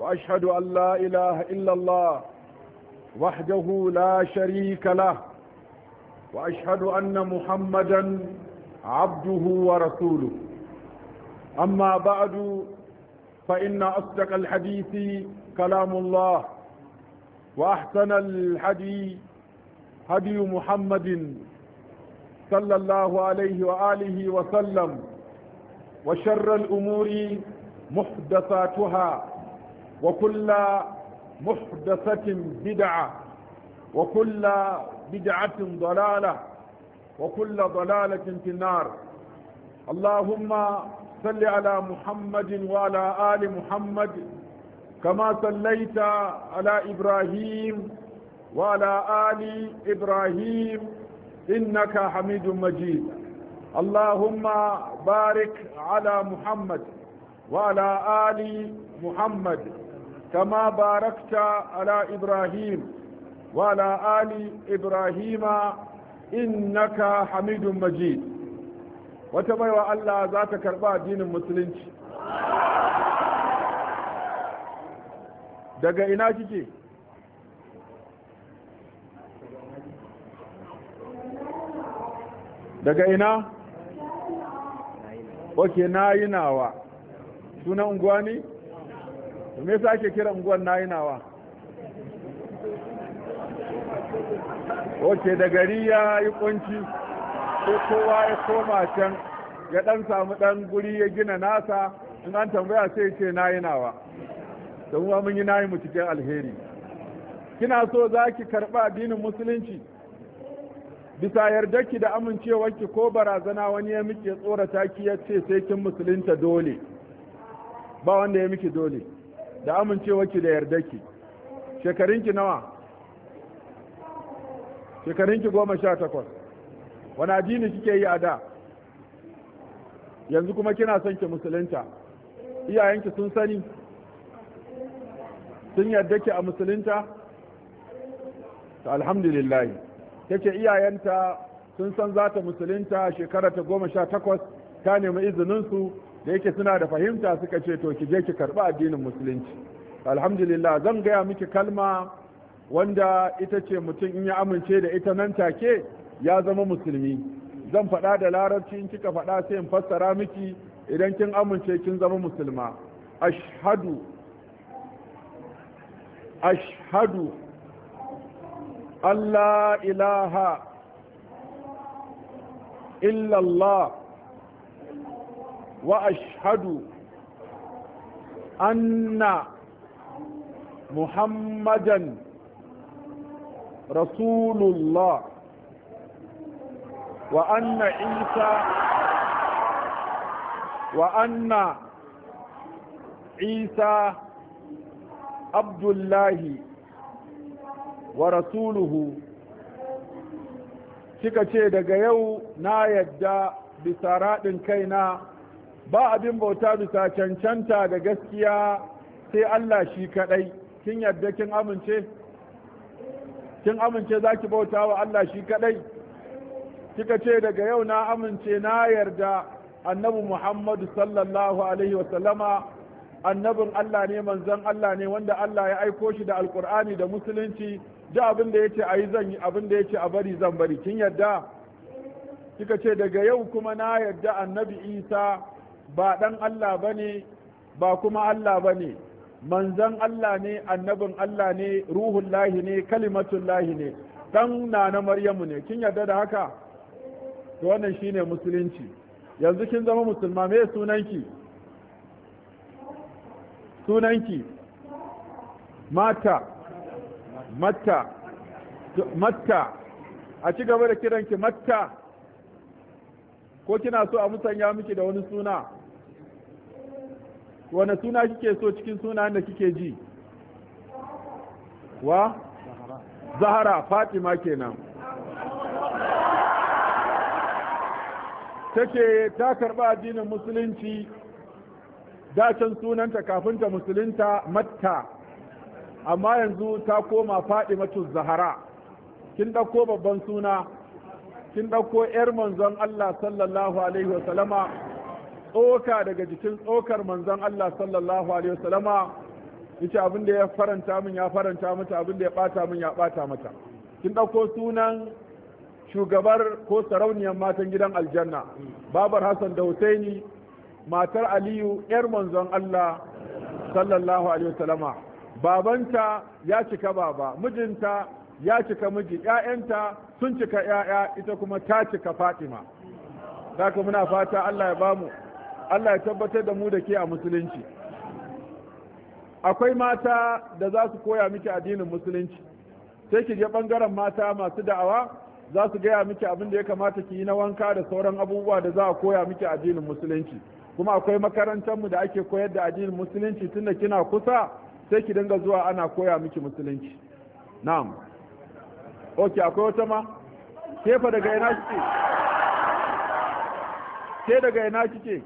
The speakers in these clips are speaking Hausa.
وأشهد أن لا إله إلا الله وحده لا شريك له وأشهد أن محمدا عبده ورسوله أما بعد فإن أصدق الحديث كلام الله وأحسن الحدي هدي محمد صلى الله عليه وآله وسلم وشر الأمور محدثاتها وكل محدثة بدعة وكل بدعة ضلالة وكل ضلالة في النار اللهم صل على محمد وعلى آل محمد كما صليت على إبراهيم وعلى آل إبراهيم إنك حميد مجيد اللهم بارك على محمد وعلى آل محمد كما باركت على إبراهيم وعلى آل إبراهيم إنك حميد مجيد وتبايا الله ذات كرباء دين المسلم دقا إناجي kike daga ina ok na yi nawa sunan unguwa ne to me yasa ake kira unguwar nawa da gari ya yi kunci ko kowa ya koma can ya dan samu dan guri ya gina nasa in an tambaya sai ce nayi nawa don kuma mun yi nayi mu cikin alheri kina so za ki karɓa addinin musulunci bisa yarda ki da ki ko barazana wani ya miki ya tsorata ki ya ce sai kin musulunta dole ba wanda ya miki dole da amincewarki da yardarki shekarunki nawa shekarunki goma sha takwas wani addini kike yi a da yanzu kuma kina son ki musulunta iyayenki sun sani sun yarda ki a musulunta ta alhamdulillah take iyayenta sun san za ta musulunta shekara ta goma sha takwas ta nemi izininsu da yake suna da fahimta suka ce to ki je ki karɓi addinin musulunci alhamdulillah zan gaya miki kalma wanda ita ce mutum in ya amince da ita nan take ya zama musulmi zan faɗa da larabci in kika faɗa sai in fassara miki idan kin amince kin zama musulma ashhadu ashhadu Allah ilaha illallah وأشهد أن محمدا رسول الله وأن عيسى وأن عيسى عبد الله ورسوله suka ce daga yau na yadda bisa raɗin kaina ba abin bauta bisa cancanta da gaskiya sai Allah shi kadai kin yadda kin amince kin amince zaki bauta wa Allah shi kadai kika ce daga yau na amince na yarda annabi Muhammadu sallallahu alaihi wasallama annabin Allah ne manzon Allah ne wanda Allah ya aiko shi da alkur'ani da musulunci ji abin da yace ayi zan yi abin da yace a bari zan bari kin yadda kika ce daga yau kuma na yarda annabi Isa ba ɗan Allah ba ne ba kuma Allah ba ne manzan Allah ne annabin Allah ne ruhun lahi ne kalimatun ne ɗan na na maryamu ne kin yarda da haka to wannan shine musulunci yanzu kin zama musulma me sunanki sunanki mata mata matta a ci gaba da kiranki matta ko kina so a musanya miki da wani suna wane suna kike so cikin suna da kike ji wa zahara fatima kenan take ta karba addinin musulunci dacin sunanta kafin ta musulunta matta amma yanzu ta koma fatimatu zahara kin ɗauko babban suna kin ɗauko 'yar manzon allah sallallahu alaihi wasallama tsoka daga jikin tsokar manzon Allah sallallahu alaihi wasallama yace abin da ya faranta min ya faranta mata abin da ya bata min ya bata mata kin dauko sunan shugabar ko sarauniyar matan gidan aljanna babar Hassan da Husaini matar Aliyu yar manzon Allah sallallahu alaihi wasallama babanta ya cika baba mijinta ya cika miji 'ya'yanta sun cika 'ya'ya, ita kuma ta cika Fatima haka muna fata Allah ya bamu Allah ya tabbatar da mu da ke a musulunci akwai mata da za su koya miki addinin musulunci sai ki je bangaren mata masu da'awa za su gaya miki abin da ya kamata ki yi na wanka da sauran abubuwa da za a koya miki addinin musulunci kuma akwai makarantar mu da ake koyar da addinin musulunci tunda kina kusa sai ki dinga zuwa ana koya miki musulunci na'am ok akwai wata ma kefa daga ina kike ke daga ina kike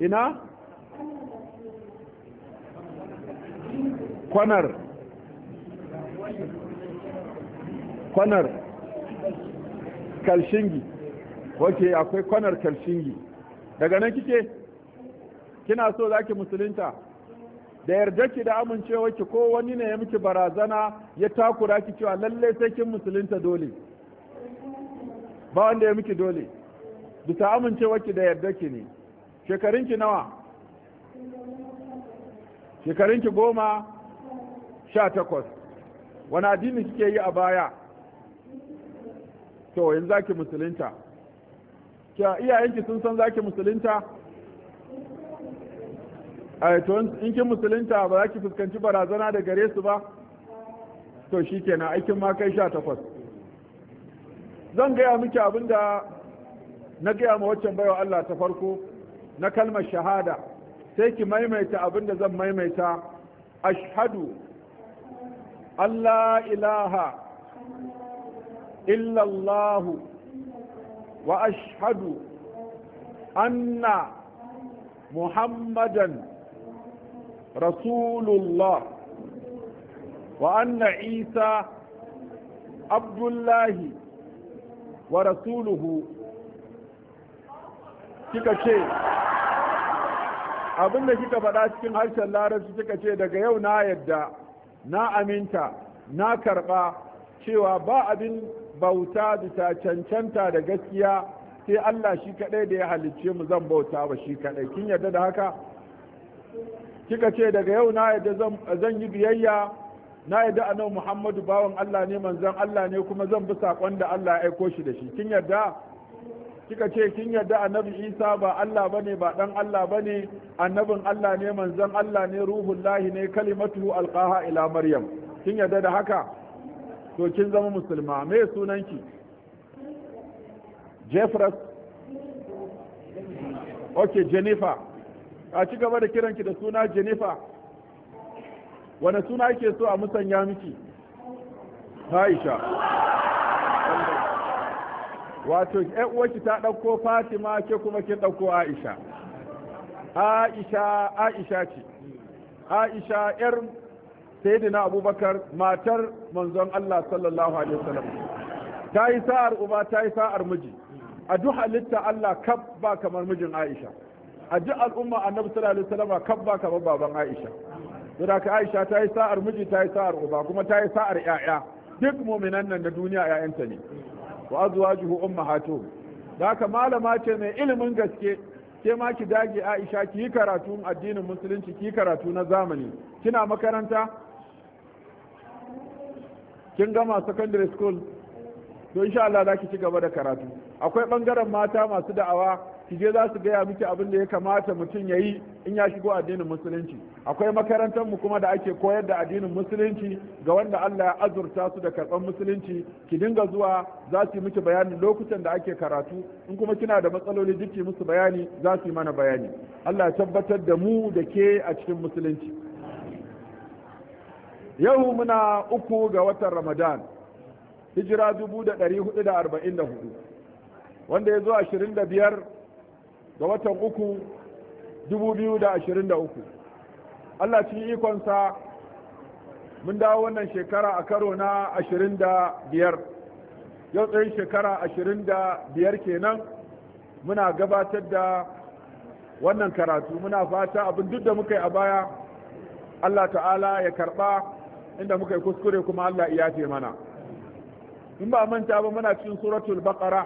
ina kwanar kwanar kalshingi ok akwai kwanar kalshingi daga nan kike kina so za ki musulunta da yarda ki da amincewa ki ko wani ne ya miki barazana ya takura ki cewa lalle sai kin musulunta dole ba wanda ya miki dole bisa amincewa ki da yarda ki ne shekarunki nawa shekarunki goma sha takwas wani addini kike yi a baya to yanzu zaki musulunta kya iyayenki sun san zaki musulunta a eh, to in kin musulunta ba za ki fuskanci barazana da gare su ba to shi kenan aikin ma kai sha takwas zan gaya miki abinda na gaya ma waccan baiwa Allah ta farko na kalmar shahada sai ki maimaita abin da zan maimaita ashadu Allah ilaha illallahu wa ashadu anna muhammadan rasulullah wa anna isa abdullahi wa rasuluhu kika ce abin da kika faɗa cikin harshen larabci kika ce daga yau na yadda na aminta na karɓa cewa ba abin bauta bisa cancanta da gaskiya sai Allah shi kaɗai da ya halicce mu zan bauta ba shi kaɗai kin yadda da haka kika ce daga yau na yadda zan yi biyayya na yadda annabi Muhammadu bawan Allah ne manzon Allah ne kuma zan bi saƙon da Allah ya aiko shi da shi kin yadda kika ce kin yarda annabi isa ba allah bane ba dan allah bane annabin allah ne manzon allah ne lahi ne kalimatu alqaha ila maryam kin yarda da haka to kin zama musulma me sunanki jeffress Okay, jennifer a ci gaba da kiranki da suna jennifer wane suna ake so a musanya miki aisha wato ƴan uwarki ta ɗauko Fatima ke kuma ke ɗauko Aisha Aisha Aisha ce Aisha ƴar Sayyidina Abubakar matar manzon Allah sallallahu alaihi wasallam ta yi sa'ar uba ta yi sa'ar miji a duk halitta Allah kaf ba kamar mijin Aisha a duk al'umma annabi sallallahu alaihi wasallam kaf ba kamar baban Aisha Don haka Aisha ta yi sa'ar miji ta yi sa'ar uba kuma ta yi sa'ar ƴaƴa duk mu'minan nan na duniya ƴaƴanta ne wa azwajuhu ummahatuhum da ka malama ce mai ilimin gaske ke ma ki dage Aisha ki yi karatu addinin musulunci ki karatu na zamani kina makaranta kin gama secondary school to insha Allah za ki ci gaba da karatu akwai bangaren mata masu da'awa ki je za su gaya miki abin da ya kamata mutum ya yi in ya shigo addinin musulunci akwai makarantar mu kuma da ake koyar da addinin musulunci ga wanda Allah ya azurta su da karɓar musulunci ki dinga zuwa za su miki bayani lokutan da ake karatu in kuma kina da matsaloli duki musu bayani za su yi mana bayani Allah ya tabbatar da mu da ke a cikin musulunci yau muna uku ga watan ramadan hijira da 1444 wanda ya zo biyar. ga watan uku 2023 Allah cikin ikonsa mun dawo wannan shekara a karo na 25 yau tsayin shekara ashirin 25 kenan muna gabatar da wannan karatu muna fata abin duk da muka yi a baya Allah ta'ala ya karba inda muka yi kuskure kuma Allah iya ce mana in ba manta ba muna cikin suratul baqara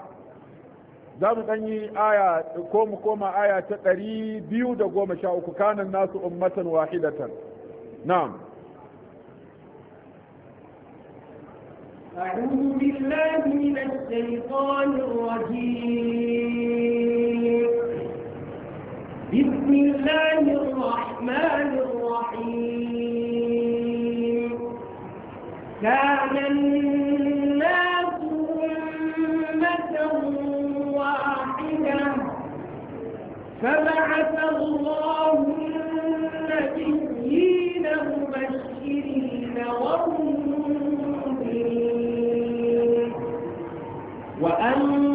za mu ɗan yi aya ko mu koma aya ta ɗari biyu da goma sha uku kanan nasu ummatan wahidatan na'am أعوذ بالله من الشيطان الرجيم بسم الله الرحمن الرحيم كان فبعث الله النبيين مبشرين ومنذرين وأن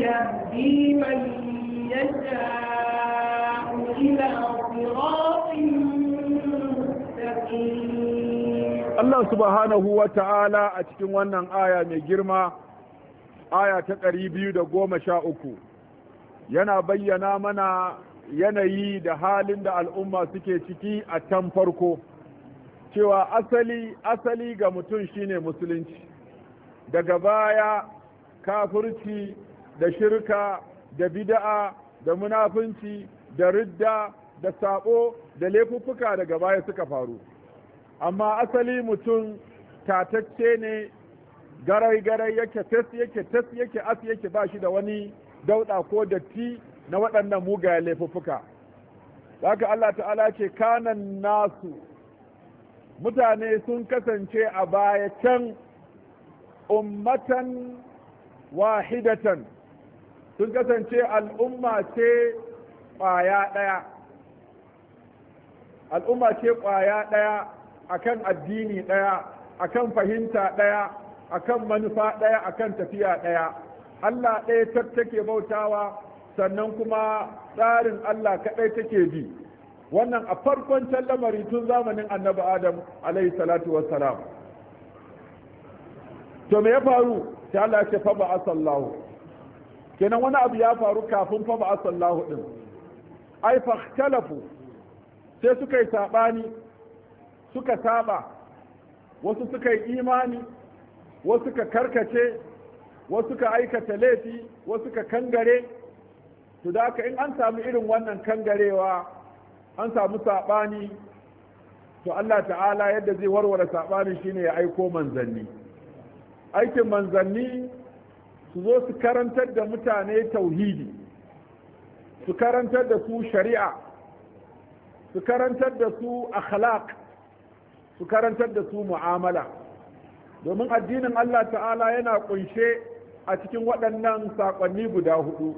يهدي من يشاء إلى صراط مستقيم الله سبحانه وتعالى أتكلم عن آية aya ta ɗari biyu da goma sha uku yana bayyana mana yanayi da halin da al'umma suke ciki a can farko cewa asali asali ga mutum shine musulunci daga baya kafurci. da shirka da bida'a da munafunci da ridda da sabo da laifuffuka daga baya suka faru amma asali mutum tatacce ne garai-garai yake tas yake tas yake as yake ba shi da wani dauɗa ko datti na waɗannan mugayen laifuffuka haka Allah ta'ala ce kanan nasu mutane sun kasance a baya can ummatan wahidatan sun kasance al'umma ce ƙwaya ɗaya al'umma ce ƙwaya ɗaya akan addini ɗaya akan fahimta ɗaya akan manufa ɗaya akan tafiya ɗaya Allah ɗaya tattake bautawa sannan kuma tsarin Allah kaɗai take bi wannan a farkon lamari tun zamanin annabi adam alaihi salatu wassalam to me ya faru sai Allah ya ce fa ba'asallahu kenan wani abu ya faru kafin fa ba'a sallahu din ai fahtalafu sai suka yi sabani suka saba wasu suka yi imani wasu suka karkace wasu suka aikata laifi wasu suka kangare to da in an samu irin wannan kangarewa an samu sabani to Allah ta'ala yadda zai warware sabanin shine ya aiko manzanni aikin manzanni su zo su karantar da mutane tauhidi su karantar da su shari'a su karantar da su akhlaq su karantar da su mu'amala domin addinin Allah ta'ala yana kunshe a cikin waɗannan saƙonni guda hudu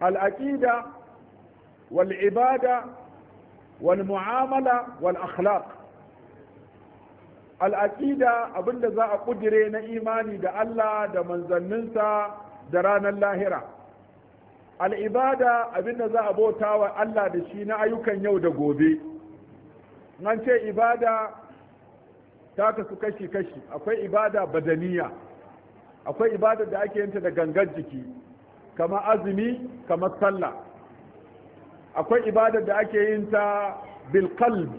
al'aƙida wal ibada wal mu'amala wal akhlaq al'aƙida abinda za a ƙudire na imani da Allah da manzanninsa da ranar lahira al'ibada abinda za a bauta wa Allah da shi na ayyukan yau da gobe an ce ibada ta kasu kashi-kashi akwai ibada badaniya akwai ibada da ake yinta da gangar jiki kama azumi kama sallah akwai ibada da ake yinta bilkalb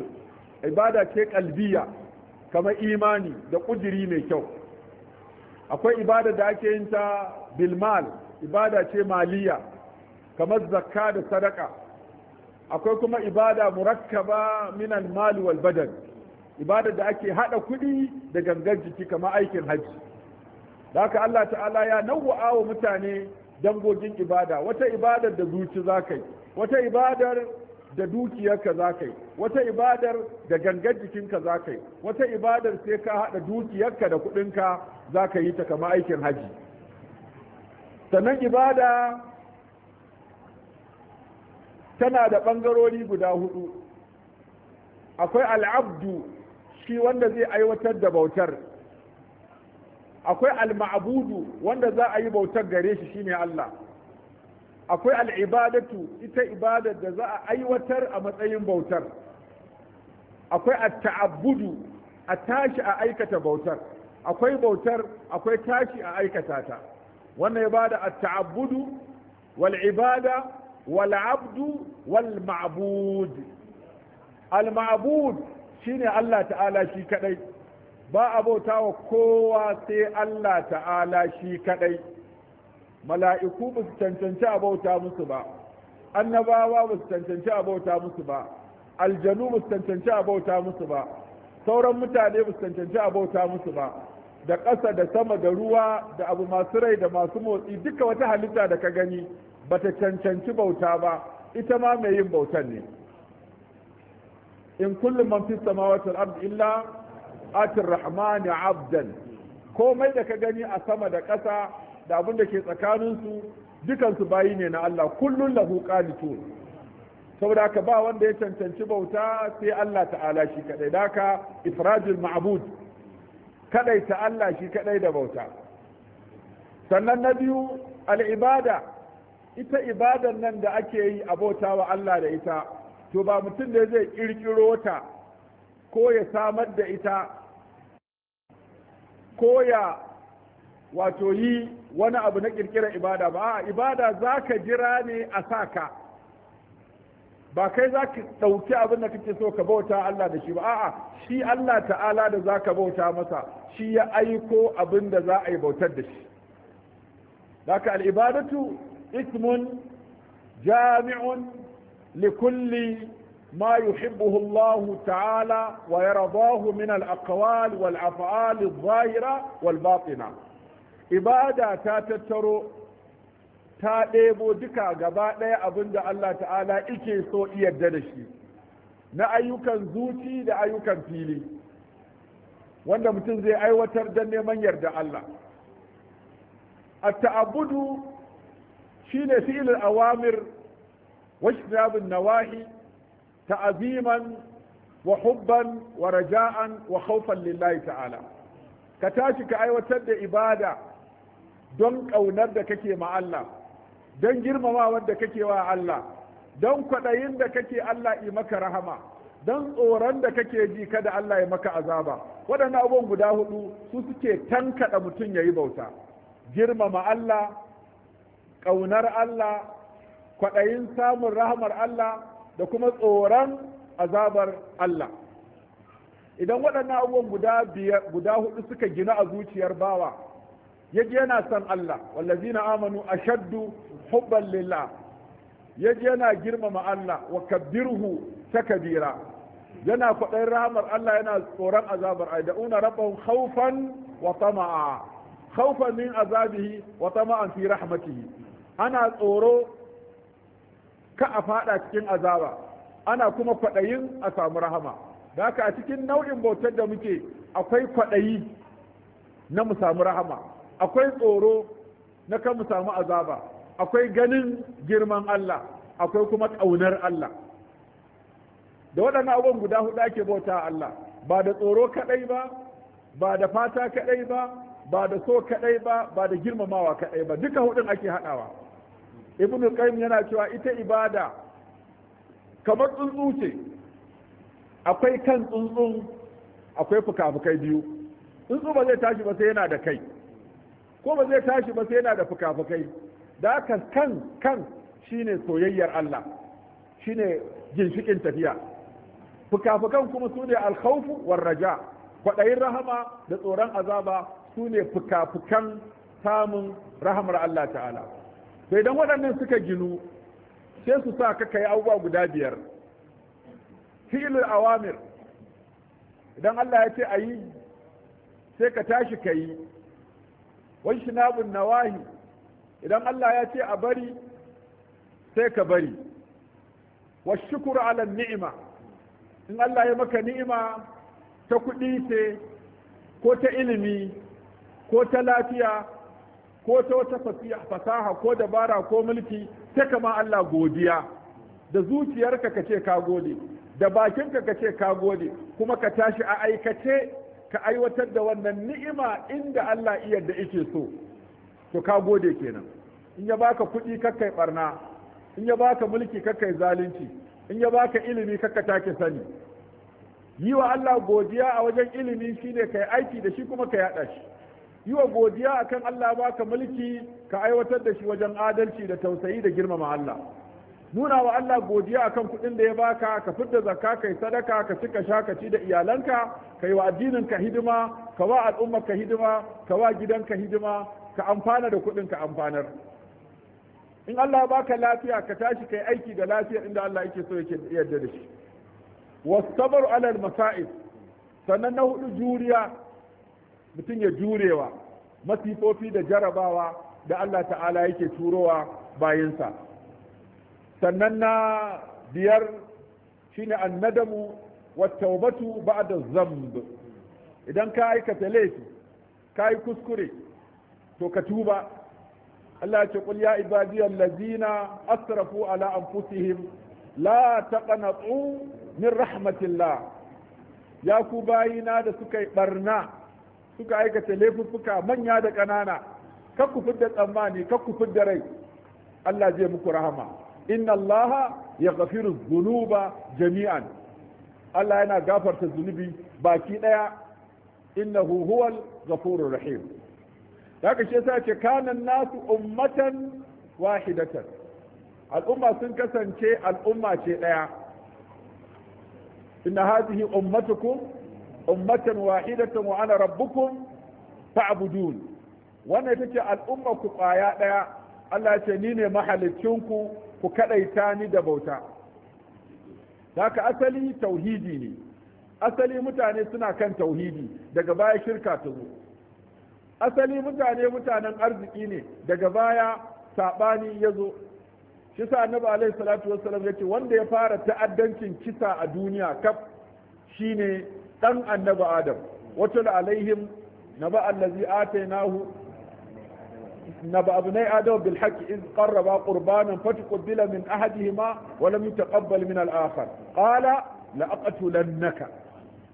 ibada ce kalbiya kamar imani da ƙudiri mai kyau akwai ibada da ake yin ta bilmal ibada ce maliya kamar zakka da sadaka akwai kuma ibada murakkaba minan mali wal badan ibada da ake hada kuɗi da gangan jiki kamar aikin hajji da haka Allah ta'ala ya nawwa'a wa mutane dangogin ibada wata ibadar da zuci za ka wata ibadar da dukiyarka za ka yi wata ibadar da gangar jikinka za ka yi wata ibadar sai ka haɗa dukiyarka da kuɗinka za ka yi ta kama aikin haji sannan ibada tana da ɓangarori guda hudu akwai al'abdu shi wanda zai aiwatar da bautar akwai al-ma'budu wanda za a yi bautar gare shi shine Allah akwai al'ibadatu ita ibadar da za a aiwatar a matsayin bautar akwai ta'abudu a tashi a aikata bautar akwai bautar akwai tashi a aikata ta wannan ibada atta'abudu wal ibada wal abdu wal ma'bud al ma'bud shine Allah ta'ala shi kaɗai. ba a wa kowa sai Allah ta'ala shi kaɗai. mala'iku ba su cancanci a musu ba annabawa ba su cancanci a bauta musu ba aljanu ba su cancanci a musu ba sauran mutane ba su cancanci a musu ba da ƙasa da sama da ruwa da abu masu rai da masu motsi duka wata halitta da ka gani ba ta cancanci bauta ba ita ma mai yin bautan ne in kullum man fi samawati ard illa atir rahmani abdan komai da ka gani a sama da ƙasa da abin da ke tsakaninsu dukansu bayi ne na Allah kullun lahu qanitun saboda ka ba wanda ya cancanci bauta sai Allah ta'ala shi kadai da haka ifrajul ma'bud kadai ta Allah shi kadai da bauta sannan na biyu al ibada ita ibadan nan da ake yi a wa Allah da ita to ba mutum da zai kirkiro ta ko ya samar da ita ko ya wato yi wani abu na kirkirar ibada ba a ibada za ka jira ne a sa ka ba kai za ka ɗauki abin da kake so ka bauta Allah da shi ba a'a shi Allah ta'ala da za ka bauta masa shi ya aiko abin da za a yi bautar da shi haka al'ibadatu ismun jami'un likulli ما min al-aqwal wal af'al adh-dhahira wal والباطنة ibada ta tattaro ta ɗebo duka gaba ɗaya abin da Allah ta'ala ike so yarda da shi na ayyukan zuci da ayyukan fili wanda mutum zai aiwatar don neman yarda Allah a ta'abudu shi ne fi'ilin awamir washinabin nawahi ta'aziman wa hubban wa raja'an wa khawfan lillahi ta'ala ka tashi ka aiwatar da ibada don ƙaunar da kake ma Allah don girmamawar da kake wa Allah don kwaɗayin da kake Allah yi maka rahama don tsoron da kake ji kada Allah ya maka azaba waɗannan abubuwan guda hudu su suke tankaɗa mutum ya yi bauta girmama Allah ƙaunar Allah kwaɗayin samun rahamar Allah da kuma tsoron azabar Allah idan waɗannan abubuwan guda hudu suka gina a zuciyar bawa yaji yana son Allah wallazina amanu ashaddu hubban lillah yaji yana girmama Allah wa kabbirhu takbira yana kwaɗayin rahamar Allah yana tsoron azabar ai da'una rabbahum khawfan wa tama'a khawfan min azabihi wa tama'an fi rahmatihi ana tsoro ka a fada cikin azaba ana kuma kwaɗayin a samu rahama da haka a cikin nau'in bautar da muke akwai kwaɗayi na mu samu rahama akwai tsoro na kan mu samu azaba akwai ganin girman Allah akwai kuma ƙaunar Allah da waɗannan abubuwan guda huɗu ake bauta Allah ba da tsoro kaɗai ba ba da fata kaɗai ba ba da so kaɗai ba ba da girmamawa kaɗai ba duka huɗun ake haɗawa ibn qayyim yana cewa ita ibada kamar tsuntsu ce akwai kan tsuntsun akwai fuka-fukai biyu tsuntsu ba zai tashi ba sai yana da kai ko ba zai tashi ba sai yana da fukafukai da haka kan kan shine soyayyar Allah shine ginshikin tafiya fukafukan kuma su ne alkhawfu war raja kwaɗayin rahama da tsoron azaba su ne fukafukan samun rahamar Allah ta'ala sai dan waɗannan suka ginu sai su sa ka kai abubuwa guda biyar fi'ilul awamir idan Allah ya ce ayi sai ka tashi ka yi wai shinabun nawahi idan Allah ya ce a bari sai ka bari wa shukuru ala ni'ima in Allah ya maka ni'ima ta kuɗi ce ko ta ilimi ko ta lafiya ko ta wata fasaha ko dabara ko mulki sai kama Allah godiya da zuciyarka ka ce ka gode da bakinka ka ce ka gode kuma ka tashi a aikace ka aiwatar da wannan ni'ima inda Allah iya da yake so to ka gode kenan in ya baka kuɗi kakkai barna in ya baka mulki kakkai zalunci in ya baka ilimi kakka take sani yi wa Allah godiya a wajen ilimi shine kai aiki da shi kuma ka yada shi yi wa godiya akan Allah baka mulki ka aiwatar da shi wajen adalci da tausayi da girmama Allah nuna wa Allah godiya akan kuɗin da ya baka ka fidda zakka kai sadaka ka ci ka sha ci da iyalanka kai wa addinin ka hidima ka wa al'umma ka hidima ka wa ka hidima ka amfana da kuɗin ka amfanar in Allah baka lafiya ka tashi kai aiki da lafiya inda Allah yake so yake yadda da shi wasabaru alal masa'ib sannan na hudu juriya mutum ya jurewa masifofi da jarabawa da Allah ta'ala yake turowa bayansa sannan na biyar shine annadamu ba da zamb idan ka aikata laifi ka yi kuskure to ka tuba Allah ce qul ya ibadiyal ladina asrafu ala anfusihim la taqnatu min rahmatillah ya ku bayina da suka yi barna suka aikata laifuffuka manya da ƙanana kakku fidda tsammani kakku fidda rai Allah zai muku rahama inna allaha gafiru zunuba jami'an Allah yana gafarta zunubi baki daya innahu huwal ghafurur rahim haka shi yasa ce kana nasu ummatan wahidatan al'umma sun kasance al'umma ce daya inna hadhihi ummatukum ummatan wahidatan wa ana rabbukum fa'budun wannan ita ce al'umma ku kwaya daya Allah ya ce ni ne mahalicinku ku kadaita ni da bauta haka asali tauhidi ne asali mutane suna kan tauhidi daga baya shirka ta zo asali mutane mutanen arziki ne daga baya sabani ya zo shi sa annabi alaihi salatu wassalam yace wanda ya fara ta'addancin kisa a duniya kaf shine dan annabi adam watul alaihim naba allazi atainahu نبأ ابني آدم بالحق إذ قربا قربانا فتقبل من أحدهما ولم يتقبل من الآخر قال لأقتلنك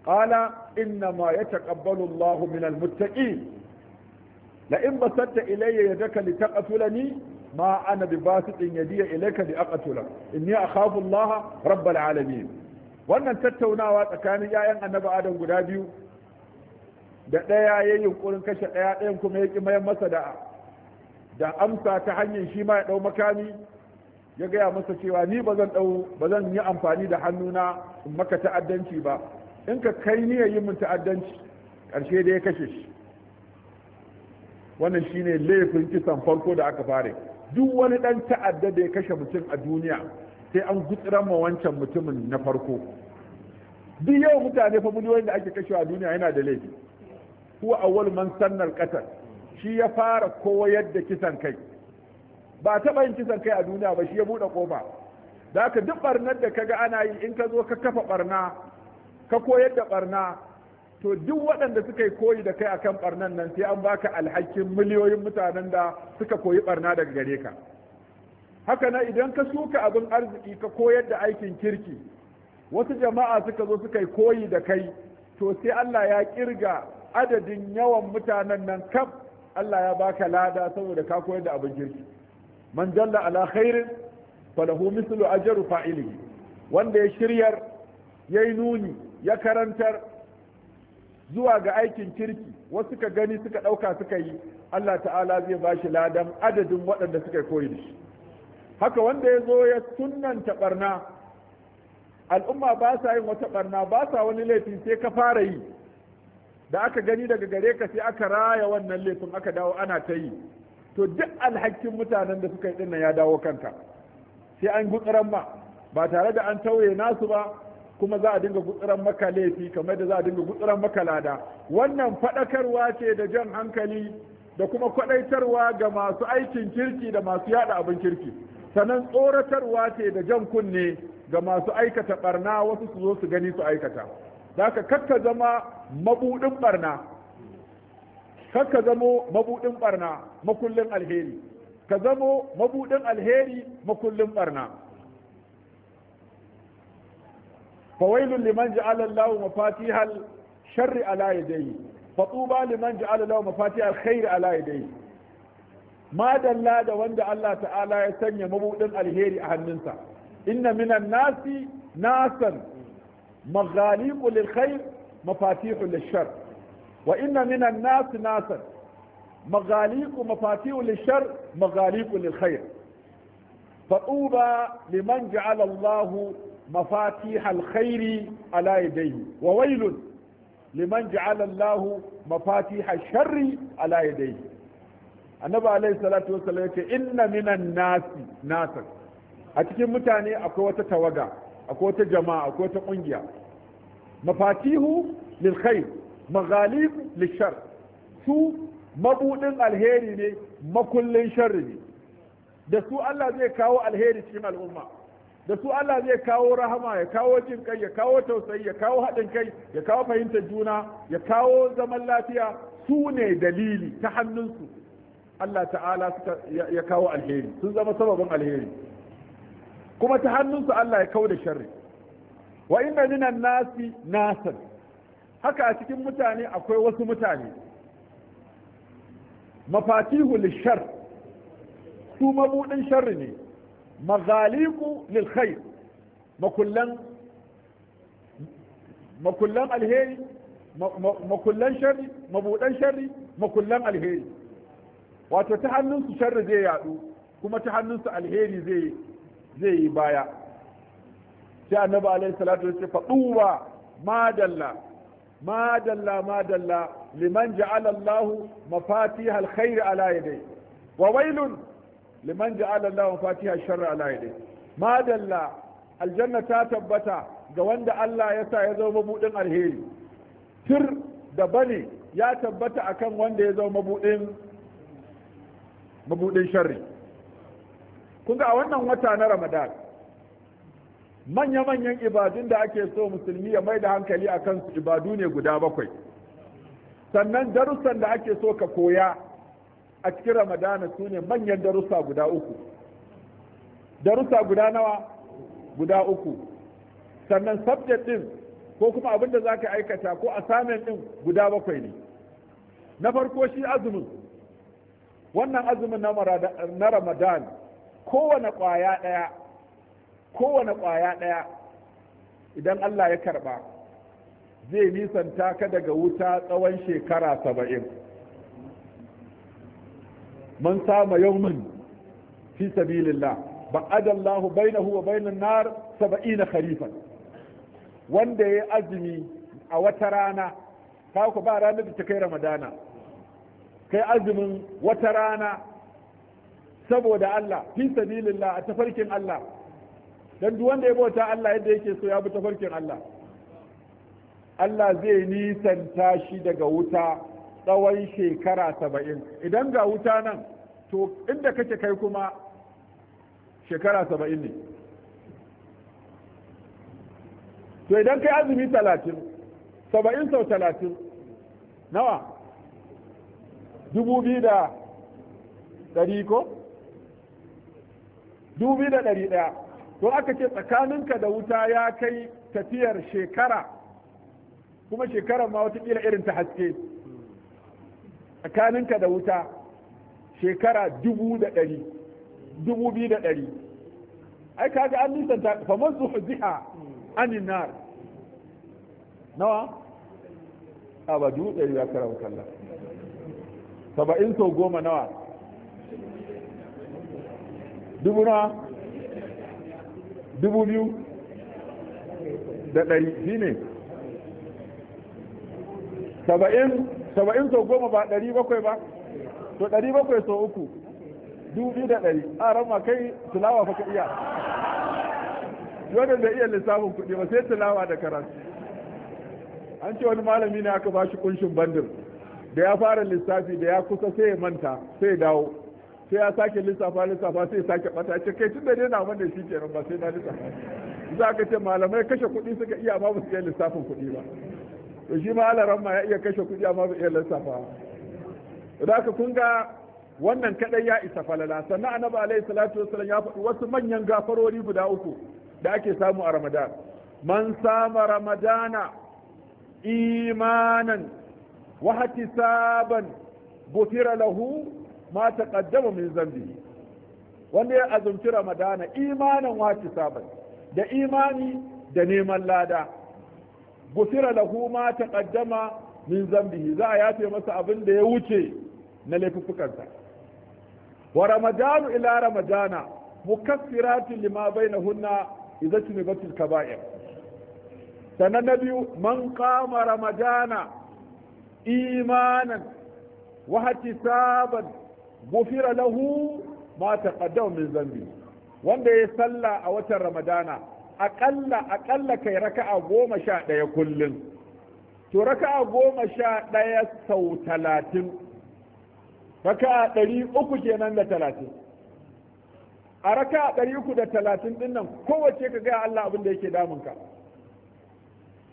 قال إنما يتقبل الله من المتقين لئن بسطت إلي يدك لتقتلني ما أنا بباسط يدي إليك لأقتلك إني أخاف الله رب العالمين wannan tattaunawa tsakanin 'ya'yan annabi adam guda biyu da ɗaya ya yi yunkurin kashe ɗaya ɗayan kuma ya ƙi mayan masa da da amsa ta hanyar shi ma ya ɗau makami ya gaya masa cewa ni ba zan ɗau ba zan yi amfani da hannuna in maka ta'addanci ba in ka kai ni yayin mun ta'addanci karshe da ya kashe shi wannan shine laifin kisan farko da aka fare duk wani dan ta'adda da ya kashe mutum a duniya sai an gutsiran ma wancan mutumin na farko duk yawan mutane fa miliyoyin da ake kashewa a duniya yana da laifi huwa awwal man sannar qatl shi ya fara koyar da kisan kai ba taɓa yin kisan kai a duniya ba shi ya buɗe kofa. da haka duk ɓarnar da ka ga ana yi in ka zo ka kafa ɓarna ka koyar da ɓarna to duk waɗanda suka yi koyi da kai akan ɓarnan nan sai an baka alhakin miliyoyin mutanen da suka koyi ɓarna daga gare ka haka na idan ka suka abin arziki ka koyar da aikin kirki wasu jama'a suka zo suka koyi da kai to sai Allah ya kirga adadin yawan mutanen nan kaf Allah ya baka lada saboda ka koyar da abin kirki man dalla ala khairin falahu mislu ajri fa'ilihi wanda ya shiryar yayi nuni ya karantar zuwa ga aikin kirki wasu ka gani suka dauka suka yi Allah ta'ala zai bashi ladan adadin waɗanda suka koyi da shi haka wanda ya zo ya ta barna al'umma ba sa yin wata barna ba sa wani laifi sai ka fara yi da aka gani daga gare ka sai aka raya wannan laifin aka dawo ana ta yi to duk alhakin mutanen da suka yi dinnan ya dawo kanka sai an gutsuran ma ba tare da an tauye nasu ba kuma za a dinga gutsuran maka laifi kamar da za a dinga gutsuran maka lada wannan faɗakarwa ce da jan hankali da kuma kwaɗaitarwa ga masu aikin kirki da masu yada abin kirki sannan tsoratarwa ce da jan kunne ga masu aikata barna wasu su zo su gani su aikata da ka kakka zama mabuɗin barna kar ka zamo mabuɗin barna makullin alheri ka zamo mabuɗin alheri makullin barna fawailun liman ja'ala Allah mafatihal sharri ala yadayhi fatuba liman ja'ala Allah mafatihal khairi ala yadayhi madalla da wanda Allah ta'ala ya sanya mabuɗin alheri a hannunsa inna minan nasi nasan maghaliqu lil khair mafatihul lishar wa inna minan nas nasan maghaliqu mafatihul lishar maghaliqu فطوبى لمن جعل الله مفاتيح الخير على يديه وويل liman ja'ala Allah mafatiha sharri ala yadayhi annabi alayhi salatu wasallam yace inna minan nasi nasa a cikin mutane akwai wata tawaga akwai wata jama'a akwai wata kungiya mafatihu lil khair maghalib lil su mabudin alheri ne makullin sharri ne da su Allah zai kawo alheri cikin al'umma da su Allah zai kawo rahama ya kawo jin kai ya kawo tausayi ya kawo haɗin kai ya kawo fahimtar juna ya kawo zaman lafiya su ne dalili ta hannunsu Allah ta'ala ya kawo alheri sun zama sababin alheri kuma ta hannunsu Allah ya kawo da sharri wa inna minan nasi nasan haka a cikin mutane akwai wasu mutane mafatihu lishar su mabudin shari ne maghaliku lil khair makullan alheri makullan shari mabudan sharri makullan alheri wato ta hannunsu shari zai yadu kuma ta hannunsu alheri zai yi baya sai annabi alaihi salatu wasallam fa duwa madalla madalla madalla liman ja'ala Allah mafatih alkhair ala yadayhi wa wailun liman ja'ala Allah mafatih alshar ala yadayhi madalla aljanna ta tabbata ga wanda Allah ya sa ya zama mabudin alheri tir da bane ya tabbata akan wanda ya zama mabudin mabudin sharri kun ga a wannan wata na Ramadan manya-manyan ibadun da ake so musulmi ya mai da hankali a kansu ibadu ne guda bakwai sannan darussan da ake so ka koya a cikin ramadana su ne manyan darussa guda uku darussa guda nawa guda uku sannan subject din ko kuma abin da za ka aikata ko assignment din guda bakwai ne na farko shi azumin wannan azumin na ramadan kowane kwaya ɗaya kowane ƙwaya ɗaya idan Allah ya karɓa zai nisanta ka daga wuta tsawon shekara saba'in man sama yawmin fi sabilillah ba'ada Allah bainahu wa bainan nar saba'ina kharifan wanda ya azumi a wata rana ka ku ba ranar da ta kai ramadana kai azumin wata rana saboda Allah fi sabilillah a tafarkin Allah dan duk wanda ya bauta Allah yadda yake so ya bi tafarkin Allah Allah zai nisanta shi daga wuta tsawon shekara saba'in idan ga wuta nan to inda kake kai kuma shekara saba'in ne to idan kai azumi talatin saba'in sau talatin nawa dubu biyu da dari ko dubu biyu da dari daya? to aka ce tsakaninka da wuta ya kai tafiyar shekara kuma shekarar ma watakila irin ta haske tsakaninka da wuta shekara dubu da ɗari dubu biyu da ɗari ai kaga an nisanta famar zuhziha anin nar nawa a ba dubu ɗari ya kara kalla saba'in sau goma nawa dubu nawa dubu biyu da ɗari shi ne saba'in saba'in sau goma ba ɗari bakwai ba to ɗari bakwai sau uku dubu biyu da ɗari a rama kai tulawa fa ka iya wannan da iya lissafin kuɗi ba sai tulawa da karatu an ce wani malami ne aka ba shi kunshin bandir da ya fara lissafi da ya kusa sai ya manta sai ya dawo sai ya sake lissafa lissafa sai ya sake bata ce kai tunda dai na wanda shi kenan ba sai na lissafa za ka ce malamai kashe kuɗi suka iya ma ba su iya lissafin kuɗi ba to shi ma alaran ma ya iya kashe kuɗi amma ba iya lissafa da ka kun ga wannan kadai ya isa falala sannan annabi alaihi salatu wasallam ya faɗi wasu manyan gafarori guda uku da ake samu a ramadan man sama ramadana imanan wa hatisaban gufira lahu ma taqaddama min zambi wanda ya azumci ramadana imanan wati sabai da imani da neman lada gusira lahu ma ƙaddama min zambi za a yafe masa abin da ya wuce na laifuffukansa wa ramadanu ila ramadana mukaffiratun lima bainahunna idza tunibatul kaba'ir sannan na biyu man qama ramadana imanan wa hatisaban gufira lahu ma taqaddama min zambi wanda ya salla a watan ramadana aƙalla aƙalla kai raka'a goma sha ɗaya kullum to raka'a goma sha ɗaya sau talatin raka'a ɗari uku kenan da talatin a raka'a ɗari uku da talatin ɗin nan kowace ka gaya Allah abin da yake damunka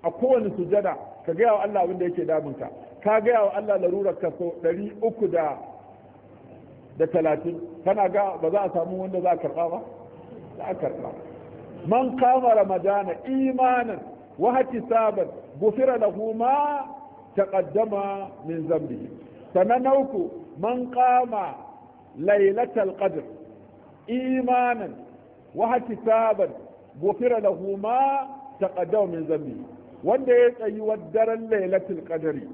a kowane sujada ka gaya wa Allah abin da yake damunka ka gaya wa Allah larurar ka sau ɗari uku da da talatin kana ga ba za a samu wanda za a karɓa ba za a karɓa man kama ramadana imanin wa hatisaban gufira lahu ta taqaddama min zambi sanan nauku man kama lailatal qadr imanan wa hatisaban gufira lahu ta taqaddama min zambi wanda ya tsayi daren lailatul qadri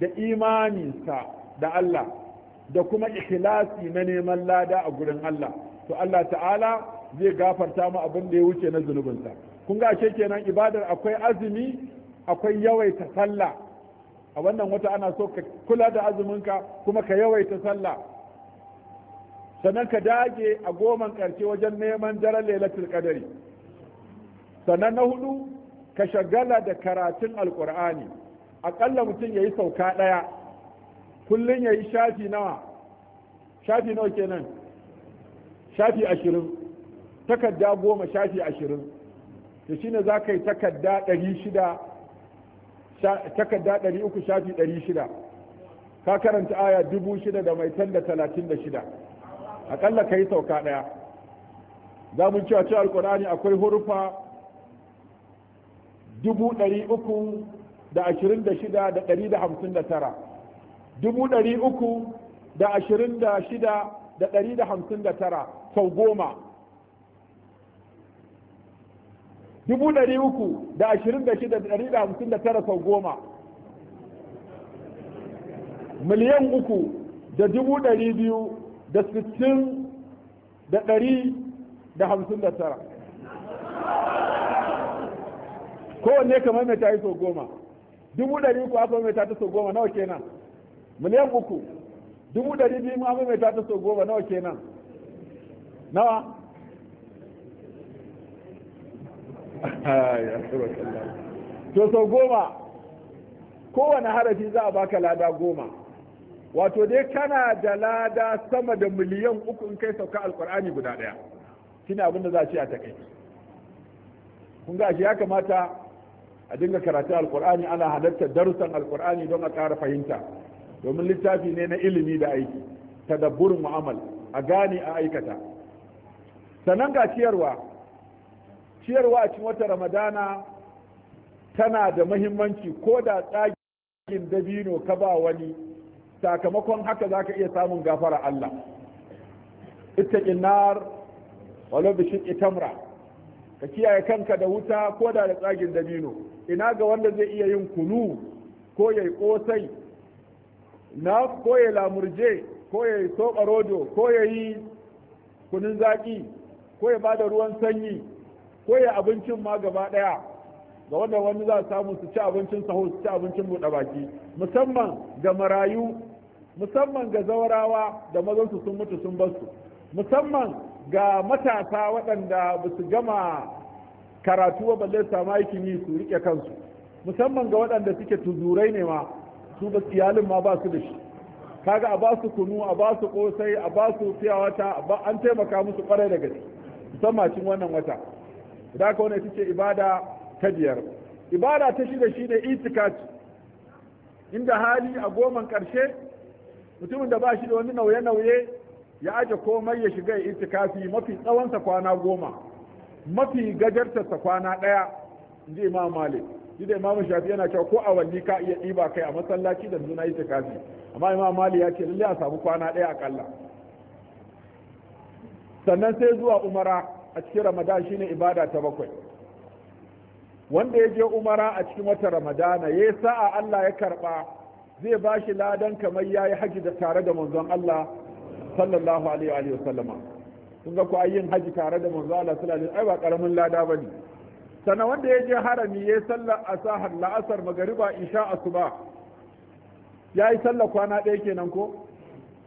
da imaninsa da Allah da kuma ikhlasi na neman lada a gurin Allah to Allah ta'ala zai gafarta mu abin da ya wuce na zunubinsa kun ga ashe kenan ibadar akwai azumi akwai yawaita sallah a wannan wata ana so ka kula da azuminka kuma ka yawaita sallah sannan ka dage a goman karshe wajen neman daren lailatul qadari sannan na hudu ka shagala da karatun alqur'ani aƙalla mutum ya yi sauka ɗaya kullum ya yi shafi nawa shafi nawa kenan shafi ashirin takarda goma shafi ashirin to shine za ka yi takarda ɗari shida takarda ɗari uku shafi ɗari shida ka karanta aya dubu shida da mai tanda da talatin da shida aƙalla ka yi sauka ɗaya za mu cewa cewa alƙur'ani akwai hurufa dubu ɗari uku da ashirin da shida da ɗari da hamsin da tara dubu ɗari uku da ashirin da shida da ɗari da hamsin da tara sau goma dubu ɗari uku da ashirin da shida da ɗari da hamsin da tara sau goma miliyan uku da dubu ɗari biyu da sittin da ɗari da hamsin da tara kowanne kamar mai ta yi sau goma dubu ɗari uku aka mai ta ta sau goma nawa kenan miliyan uku dubu ɗari biyu ma mai ta ta so goma nawa kenan nawa to so goma kowane harafi za a baka lada goma wato dai kana da lada sama da miliyan uku in kai sauka alkur'ani guda ɗaya shine abin da za a ce a takaici kun ga shi ya kamata a dinga karatun alkur'ani ana halartar darussan alkur'ani don a ƙara fahimta domin littafi ne na ilimi da aiki tadabburin mu'amal a gane a aikata sannan ga ciyarwa ciyarwa a cikin wata ramadana tana da mahimmanci ko da tsagin dabino ka ba wani sakamakon haka za ka iya samun gafara Allah Ita nar walau bi ka kiyaye kanka da wuta ko da da tsagin dabino ina ga wanda zai iya yin kunu ko yayi kosai na ko ya lamurje ko ya yi soɓa rodo ko ya yi kunun zaƙi ko ya bada ruwan sanyi ko ya abincin ma gaba ɗaya ga wanda wani za samu su ci abincin saho su ci abincin buɗe baki musamman ga marayu musamman ga zawarawa da mazansu sun mutu sun basu musamman ga matasa waɗanda ba su gama karatu ba balle samu aikin yi su riƙe kansu musamman ga waɗanda suke tuzurai ne ma su da iyalin ma ba su da shi kaga a ba su kunu a ba su kosai a ba su wata an taimaka musu kwarai da gaske musamman cin wannan wata da ka wani ita ibada ta biyar ibada ta shi da shi ne itikafi inda hali a goman karshe mutumin da ba shi da wani nauye-nauye ya aje komai ya shiga itikafi mafi tsawonsa kwana goma mafi gajartarsa kwana ɗaya in ji imam malik shi da imamu shafi yana cewa ko awanni ka iya ɗiba kai a masallaci da zuna yi tikafi amma imam mali ya ce lallai a samu kwana ɗaya akalla sannan sai zuwa umara a cikin ramadan shine ibada ta bakwai wanda ya je umara a cikin wata ramadana ya sa'a allah ya karɓa zai ba shi ladan kamar ya yi haji da tare da manzon allah sallallahu alaihi wa sallama kun ga ku ayyin haji tare da manzon allah sallallahu alaihi wa ai ba karamin lada bane sana wanda ya je harami ya yi sallar asahar la'asar magariba isha asuba ya yi sallar kwana ɗaya kenan ko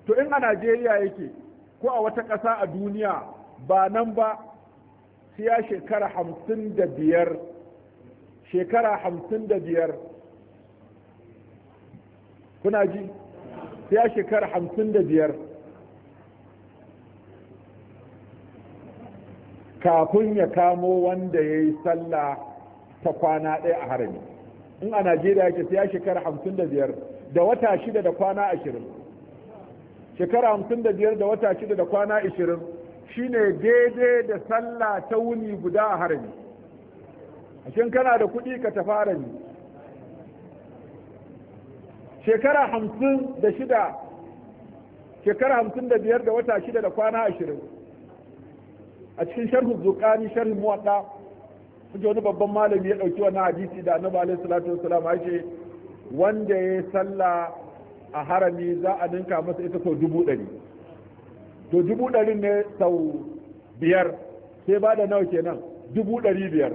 to in a najeriya yake ko a wata ƙasa a duniya ba nan ba sai ya shekara hamsin da biyar shekara hamsin da biyar kuna ji sai ya shekara hamsin da biyar kafin ya kamo wanda ya yi sallah ta kwana ɗaya a harami in a najeriya ke sai ya shekara hamsin da biyar da wata shida da kwana ashirin shekara hamsin da biyar da wata shida da kwana ashirin shine daidai da sallah ta wuni guda a harami ashin kana da kuɗi ka fara ne shekara hamsin da shida shekara hamsin da biyar da wata shida da kwana ashirin a cikin sharhu zuqani sharhu muwatta kuje wani babban malami ya dauki wannan hadisi da annabi alaihi salatu wassalam ya wanda ya salla a harami za a ninka masa ita sau dubu ɗari to dubu ɗari ne sau biyar sai ba da nawa kenan dubu ɗari biyar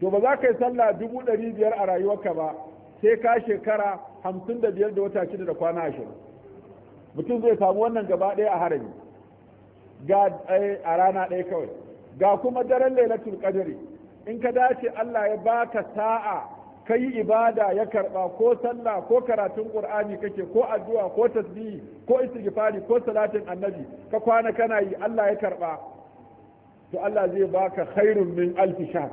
to ba za ka yi sallah dubu ɗari biyar a rayuwarka ba sai ka shekara hamsin da biyar da wata shida da kwana ashirin mutum zai samu wannan gaba ɗaya a harami ga eh, a rana ɗaya kawai ga kuma daren lailatul qadri in ka dace Allah ya baka sa'a kai ibada ya karba ko sallah ko karatun qur'ani kake ko addu'a ko tasbihi ko istighfari ko salatin annabi ka kwana kana yi Allah ya karba to Allah zai baka khairun min alfi shahr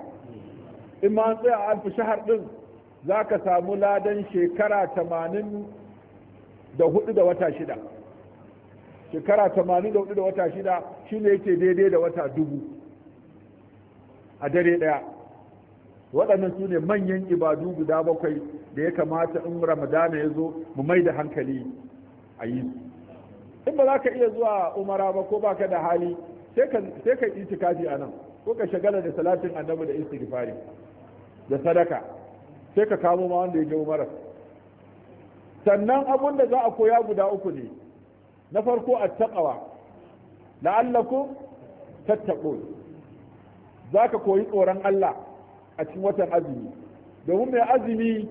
in ma tsaya alfi shahr din zaka samu ladan shekara tamanin da hudu da wata shida shekara 84 da wata shida ne yake daidai da wata dubu a dare daya waɗannan su ne manyan ibadu guda bakwai da ya kamata in ramadana ya zo mu mai da hankali a yi in ba za ka iya zuwa umara ba ko baka da hali sai ka yi itikafi a nan ko ka shagala da salatin annabi da istighfari da sadaka sai ka kamo ma wanda ya je umara sannan abun da za a koya guda uku ne na farko attaqwa la'allakum tattaqun zaka koyi tsoron Allah a cikin watan azumi domin mai azumi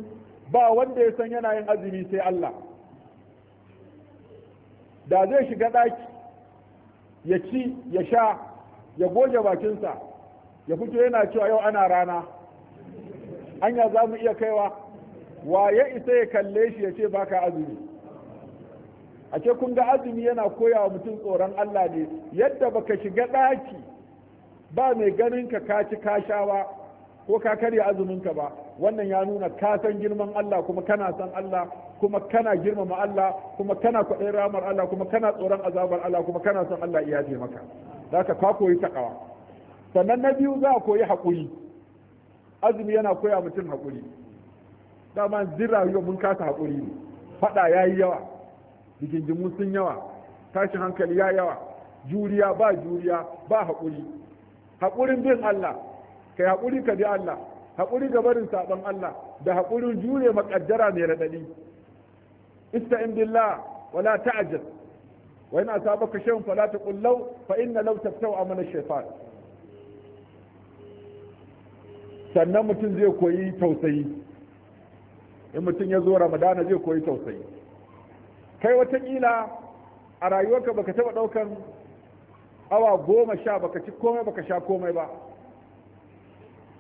ba wanda ya san yana yin azumi sai Allah da zai shiga ɗaki ya ci ya sha ya goge bakinsa ya fito yana cewa yau ana rana anya za mu iya kaiwa waye isa ya kalle shi ya ce baka azumi a ce kun ga azumi yana koya wa mutum tsoron Allah ne yadda baka shiga ɗaki ba mai ganin ka ka ci ka sha ba ko ka karya azumin ba wannan ya nuna ka san girman Allah kuma kana san Allah kuma kana girmama Allah kuma kana kwaɗayin ramar Allah kuma kana tsoron azabar Allah kuma kana san Allah iya je maka za ka koyi takawa sannan na biyu za a koyi haƙuri azumi yana koya mutum haƙuri dama jin yau mun kasa haƙuri ne faɗa ya yi yawa rigingimu sun yawa tashin hankali ya yawa juriya ba juriya ba haƙuri haƙurin bin Allah kai haƙuri ka bi Allah haƙuri ga barin saɓon Allah da haƙurin jure maƙaddara mai raɗaɗi in billah wala ta'ajjal wa in asabaka shay'un fala taqul law fa inna law taftau amana shaytan sannan mutum zai koyi tausayi in mutum ya zo ramadana zai koyi tausayi kai watakila a rayuwarka baka taba daukan awa goma sha baka ci komai baka sha komai ba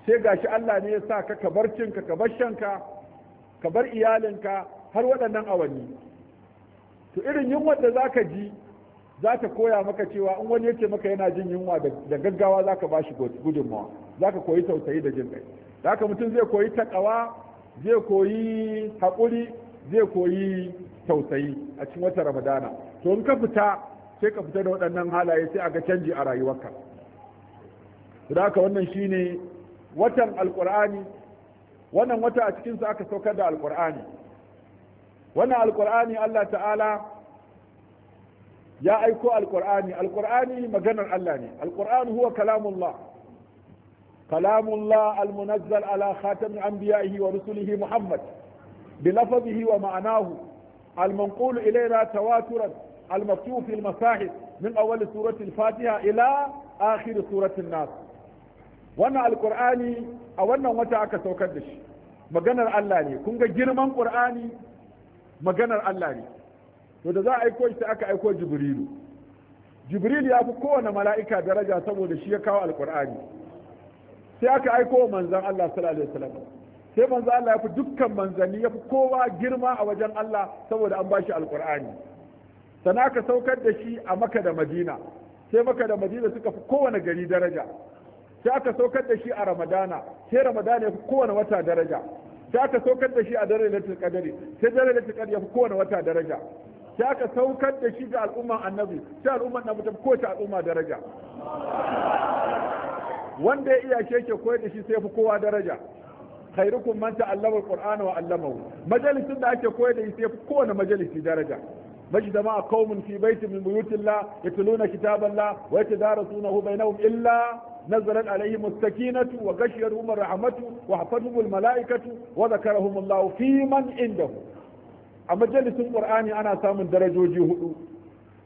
sai gashi Allah ne ya sa ka ka cinka ka bar shanka ka iyalinka har waɗannan awanni to irin yunwa da za ka ji za ta koya maka cewa in wani yace maka yana jin yunwa da gaggawa za ka bashi gudunmawa za ka koyi tausayi da jin kai haka mutum zai koyi takawa zai koyi haƙuri zai koyi tausayi a cikin wata ramadana to in ka fita sai ka fita da waɗannan halaye sai aga canji a rayuwarka da haka wannan ne watan alkur'ani wannan wata a cikinsa aka saukar da alkur'ani wannan alkur'ani allah ta'ala ya aiko alkur'ani alkur'ani maganar allah ne alkur'an huwa kalamullah kalamullah almunazzal ala khatamin anbiya'ihi wa rusulihi muhammad wa بلفظه ومعناه المنقول إلينا تواترا المكتوب في المصاحف من أول سورة الفاتحة إلى آخر سورة الناس wannan Alƙur'ani, a wannan wata aka saukar da shi maganar Allah ne kun ga girman ƙur'ani maganar Allah ne to da za a aiko shi aka aiko jibrilu jibrilu ya fi kowane mala'ika daraja saboda shi ya kawo alkur'ani sai aka aiko manzon Allah sai manzo Allah ya fi dukkan manzanni ya fi kowa girma a wajen Allah saboda an bashi alkur'ani sana ka saukar da shi a maka da madina sai maka da madina suka fi kowane gari daraja sai aka saukar da shi a ramadana sai ramadana ya fi kowane wata daraja sai aka saukar da shi a dare lailatul kadari sai dare lailatul kadari ya fi kowane wata daraja sai aka saukar da shi ga al'umman annabi sai al'umman annabi ta fi kowace al'umma daraja wanda ya iya shi koyar da shi sai fi kowa daraja khairukum man ta'allama alqur'ana wa 'allamahu majalisin da ake koyar da ita kowane majalisi daraja majdama qaumun fi baitin min buyutillah yatluna kitaballah wa yatadarasunahu bainahum illa nazalat alayhim as-sakinatu wa gashiyar ar-rahmatu wa hafathum al-mala'ikatu wa dhakarahum Allahu fi man indahu a majalisin qur'ani ana samun darajoji hudu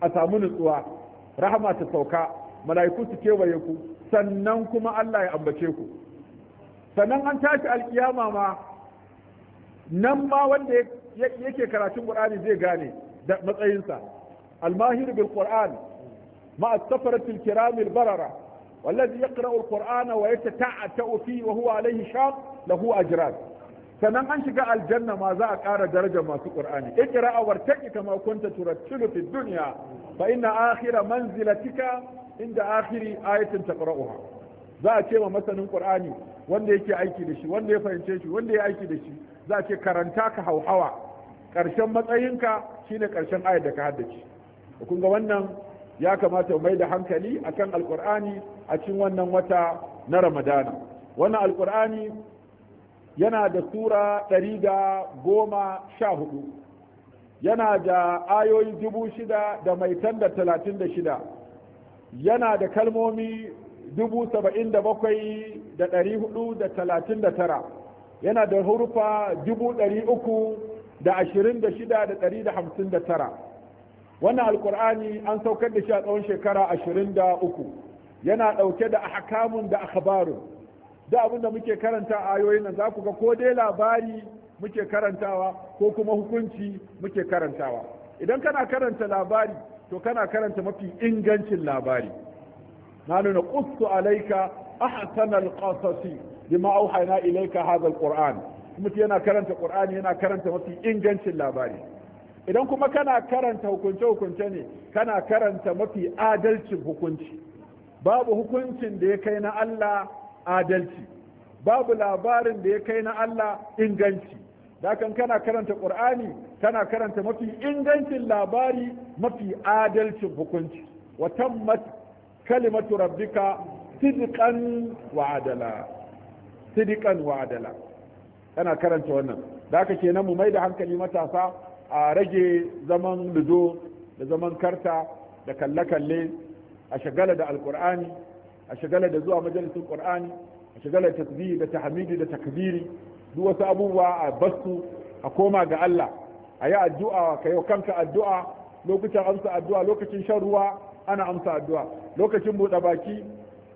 a samu nutsuwa rahama ta sauka mala'iku su kewaye ku sannan kuma Allah ya ambace ku sannan an tashi alkiyama ma nan ma wanda yake karatun qur'ani zai gane da matsayinsa almahir bil qur'an ma safaratil kiram al barara wallazi yaqra'u al qur'ana wa yatata'atu fi wa huwa alayhi shaq lahu ajran sannan an shiga aljanna ma za a ƙara darajar masu ƙur'ani iqra wa taqi kama ta turattilu fid duniya, ba ina akhira manzilatika inda akhiri ayatin taqra'uha za a ce ma masanin ƙur'ani. wanda yake aiki da shi wanda ya fahimce shi wanda ya aiki da shi za a ce karanta ka hauhawa ƙarshen matsayinka shine ƙarshen ayar da ka haddace kun ga wannan ya kamata mai da hankali akan Alƙur'ani a cikin wannan wata na ramadana wannan Alƙur'ani yana da sura ɗari da goma sha hudu yana da ayoyi dubu shida da mai tanda talatin da shida yana da kalmomi dubu saba'in da bakwai da ɗari hudu da talatin da tara yana da hurufa dubu ɗari uku da ashirin da shida da ɗari da hamsin da tara wannan alkur'ani an saukar da shi a tsawon shekara ashirin da uku yana ɗauke da ahkamun da akhbarun da abin da muke karanta a ayoyin nan za ku ga ko dai labari muke karantawa ko kuma hukunci muke karantawa idan kana karanta labari to kana karanta mafi ingancin labari Na nanu naqussu alayka ahsana alqasasi bima auhayna ilayka hadha Kur'ani. mutum yana karanta Kur'ani yana karanta mafi ingancin labari idan kuma kana karanta hukunce hukunce ne kana karanta mafi adalcin hukunci babu hukuncin da ya kai na Allah adalci babu labarin da ya kai na Allah inganci dakan kana karanta qur'ani kana karanta mafi ingancin labari mafi adalcin hukunci wa kalimatu rabbika sidqan wa adala sidqan wa adala karanta wannan da haka kenan mu mai da hankali matasa a rage zaman ludo da zaman karta da kalle-kalle a shagala da Alƙur'ani, a shagala da zuwa majalisun qur'ani a shagala da tasbihi da tahmidi da takbiri duk wasu abubuwa a basku a koma ga Allah a yi addu'a ka yi kanka addu'a lokacin amsa addu'a lokacin shan ruwa ana amsa addu'a lokacin buɗe baki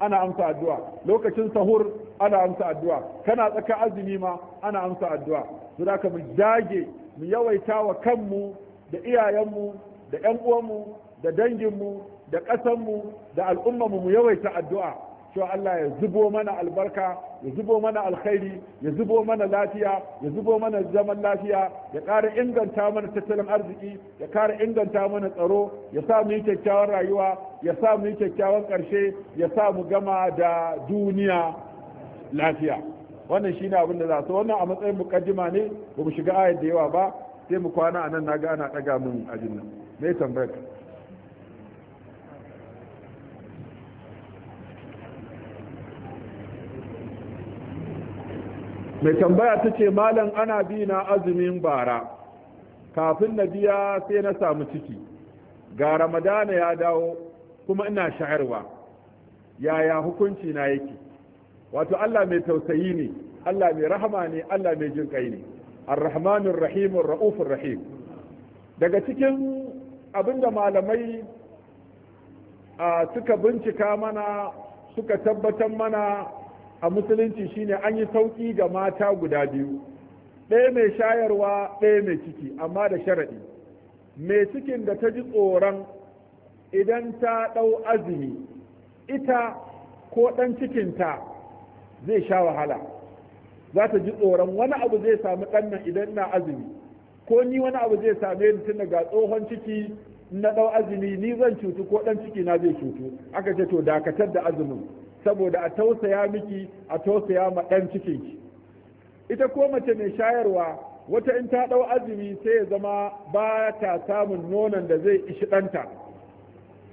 ana amsa addu'a lokacin sahur ana amsa addu'a kana tsaka azumi ma ana amsa addu'a su da mu dage mu yawaita wa kanmu da iyayenmu da 'yan uwanmu da danginmu da ƙasanmu da al'ummarmu mu yawaita addu'a cewa Allah ya zubo mana albarka ya zubo mana alkhairi ya zubo mana lafiya ya zubo mana zaman lafiya ya ƙara inganta mana tattalin arziki ya ƙara inganta mana tsaro ya sa mu yi kyakkyawan rayuwa ya sa mu yi kyakkyawan ƙarshe ya sa mu gama da duniya lafiya wannan shine abin da za su wannan a matsayin mukaddima ne ba mu shiga ayat da yawa ba sai mu kwana anan naga ana ɗaga mun ajin nan me tambayar mai tambaya ta ce malam ana bi na azumin bara kafin na biya sai na samu ciki ga ramadana ya dawo kuma ina sha'arwa yaya hukunci na yake wato allah mai tausayi ne allah mai rahama ne allah mai jin kai ne arrahmanir rahimun ra'ufur rahim daga cikin abinda malamai suka bincika mana suka tabbatar mana a musulunci shine an yi sauƙi ga mata guda biyu ɗaya mai shayarwa ɗaya mai ciki amma da sharaɗi mai cikin da ta ji tsoron idan ta ɗau azumi ita ko ɗan cikinta zai sha wahala za ta ji tsoron wani abu zai sami ɗannan idan na azumi ko ni wani abu zai same ni tun ga tsohon ciki na ɗau azumi ni zan cutu ko ɗan ciki na zai cutu aka ce to dakatar da azumin saboda a tausaya miki a tausaya ma ɗan cikin. ita ko mace mai shayarwa wata in ta ɗau azumi sai ya zama ba ta samun nonon da zai ishi ɗanta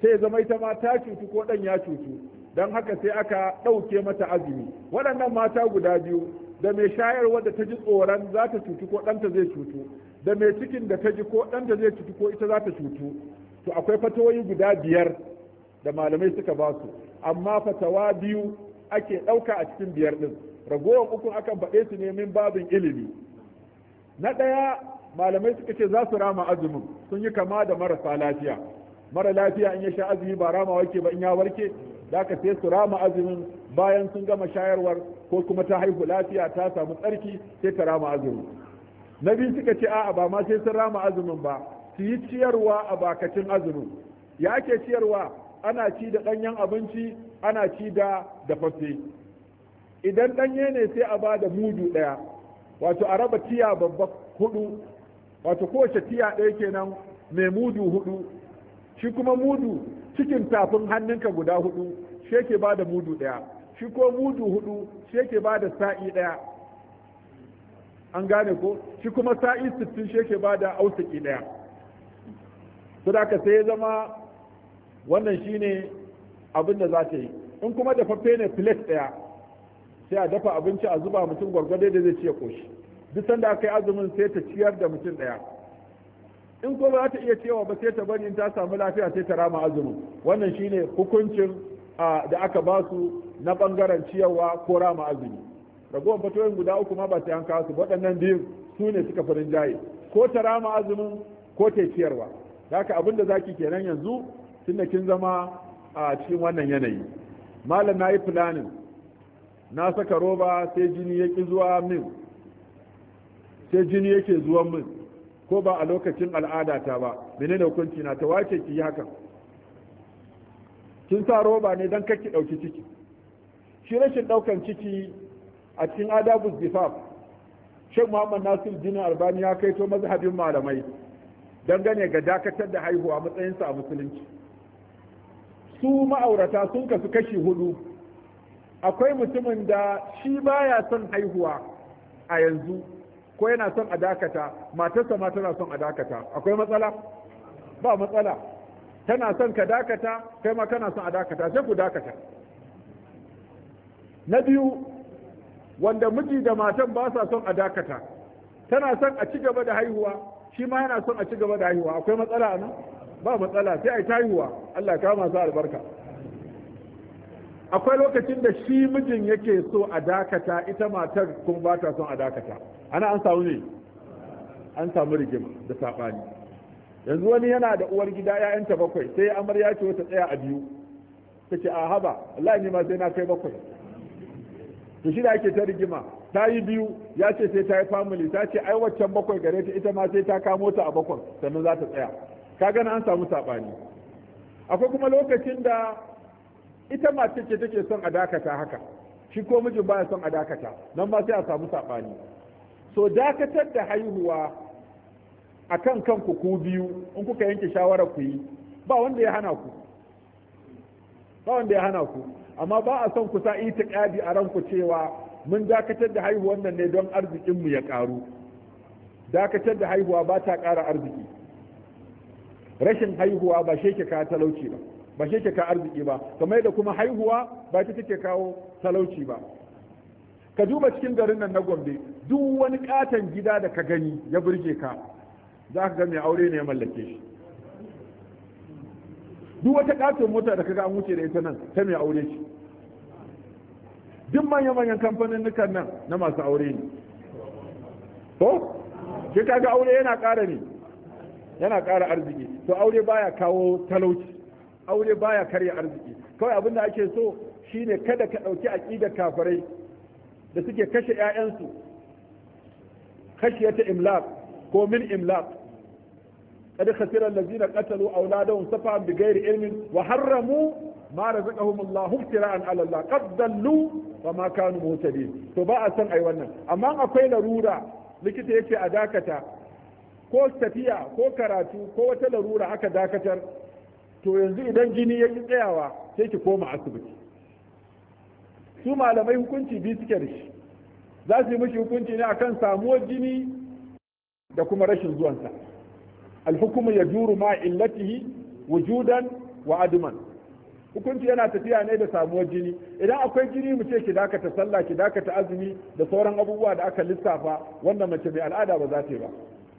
sai ya zama ita ma ta cutu ko ɗan ya cutu don haka sai aka ɗauke mata azumi waɗannan mata guda biyu da mai shayarwa da ta ji tsoron za ta cutu ko ɗanta zai cutu da mai cikin da ta ji ko ɗanta zai cutu ko ita za ta cutu to akwai fatoyi guda biyar da malamai suka ba su amma fasawa biyu ake ɗauka a cikin biyar ɗin ragowar ukun akan faɗe su ne min babin ilimi na ɗaya malamai suka ce za su rama azumin sun yi kama da marasa lafiya mara lafiya in ya sha azumi ba rama ke ba in ya warke da ka sai su rama azumin bayan sun gama shayarwar ko kuma ta haihu lafiya ta samu tsarki sai ta rama azumin na biyu suka ce a'a ba ma sai sun rama azumin ba su yi ciyarwa a bakacin azumin ya ake ciyarwa ana ci da ɗanyen abinci ana ci da dafaffe idan ɗanye ne sai a ba da mudu ɗaya wato a raba tiya babba hudu wato kowace tiya ɗaya kenan mai mudu hudu shi kuma mudu cikin tafin hannunka guda hudu shi yake ba da mudu ɗaya shi ko mudu hudu shi yake ba da sa'i ɗaya an gane ko shi kuma sa'i sittin shi yake ba da ausaki ɗaya saboda sai zama wannan ne abin da za ta yi in kuma dafaffe ne plate ɗaya sai a dafa abinci a zuba mutum gwargwade da zai ci koshi duk sanda aka yi azumin sai ta ciyar da mutum ɗaya in ko ba ta iya cewa ba sai ta bari in ta samu lafiya sai ta rama azumin wannan shi ne hukuncin da aka ba su na bangaren ciyarwa ko rama azumi ragowar fatoyin guda uku ma ba sai an kawo su waɗannan biyu su ne suka farin jaye ko ta rama azumin ko ta ciyarwa haka abin da za zaki kenan yanzu tunda kin zama a cikin wannan yanayi malam na yi planin na saka roba sai jini ya zuwa min sai jini yake zuwa min ko ba a lokacin al'adata ba menene hukunci na ta wace ki yi hakan kin sa roba ne don kake ɗauki ciki shi rashin ɗaukan ciki a cikin adabus difaf Sheikh muhammad nasir jinin albani ya kaito mazhabin malamai dangane ga dakatar da haihuwa matsayinsa a musulunci su ma'aurata sun kasu kashi hudu akwai mutumin da shi baya son haihuwa a yanzu ko yana son a dakata matarsa ma tana son a dakata akwai matsala ba matsala tana son ka dakata kai ma kana son a dakata sai ku dakata na biyu wanda miji da matan ba sa son a dakata tana son a ci gaba da haihuwa shi ma yana son a ci gaba da haihuwa akwai matsala a nan ba matsala sai a tayuwa Allah kama su albarka akwai lokacin da shi mijin yake so a dakata ita matar kuma ba ta son a dakata ana an samu ne an samu rigima da saɓani yanzu wani yana da uwar gida ya'yanta bakwai sai amarya ce wata tsaya a biyu ta ce a haba Allah ne ma sai na kai bakwai to shi da ake ta rigima ta yi biyu ya ce sai ta yi family ta ce ai waccan bakwai gare ta ita ma sai ta kamo ta a bakwai sannan za ta tsaya ka gani an samu saɓani akwai kuma lokacin da ita mace ce take son a dakata haka shi ko mijin baya son a dakata nan ba sai a samu saɓani so dakatar da haihuwa a kan kanku ku biyu in kuka yanke shawarar ku yi ba wanda ya hana ku ba wanda ya hana ku amma ba a son ku sa itikadi a ranku cewa mun dakatar da haihuwan nan ne don arzikinmu ya ƙaru dakatar da haihuwa ba ta ƙara arziki rashin haihuwa ba shi ke kawo talauci ba ba shi ke kawo arziki ba kamar da kuma haihuwa ba ta take kawo talauci ba ka duba cikin garin nan na gombe duk wani katon gida da ka gani ya burge ka za ka ga mai aure ne ya mallake shi duk wata katon mota da ka ga an wuce da ita nan ta mai aure ce duk manya-manyan kamfanin nukan nan na masu aure ne ko shi ga aure yana ƙara ne yana ƙara arziki to aure baya kawo talauci aure baya karya arziki kawai abin da ake so shine kada ka ɗauki aƙidar kafarai da suke kashe 'ya'yansu kashiyar ta imlaq ko min imlaq kada ka tsira lazina ƙatalo a wuladawun safa bi gairi ilmin wa harramu ma da zaka humulla hukutira an alallah ƙaddallu ba ma kanu mota ne to ba a san ai wannan amma akwai larura likita yake a dakata ko tafiya ko karatu ko wata larura aka dakatar to yanzu idan jini ya yi tsayawa sai ki koma asibiti su malamai hukunci biyu suke da shi za su yi mishi hukunci ne akan samuwar jini da kuma rashin zuwansa alhukumu ya juru ma illatihi wujudan wa adman hukunci yana tafiya ne da samuwar jini idan akwai jini mu ce ki dakata sallah ki dakata azumi da sauran abubuwa da aka lissafa wanda mace mai al'ada ba za ta yi ba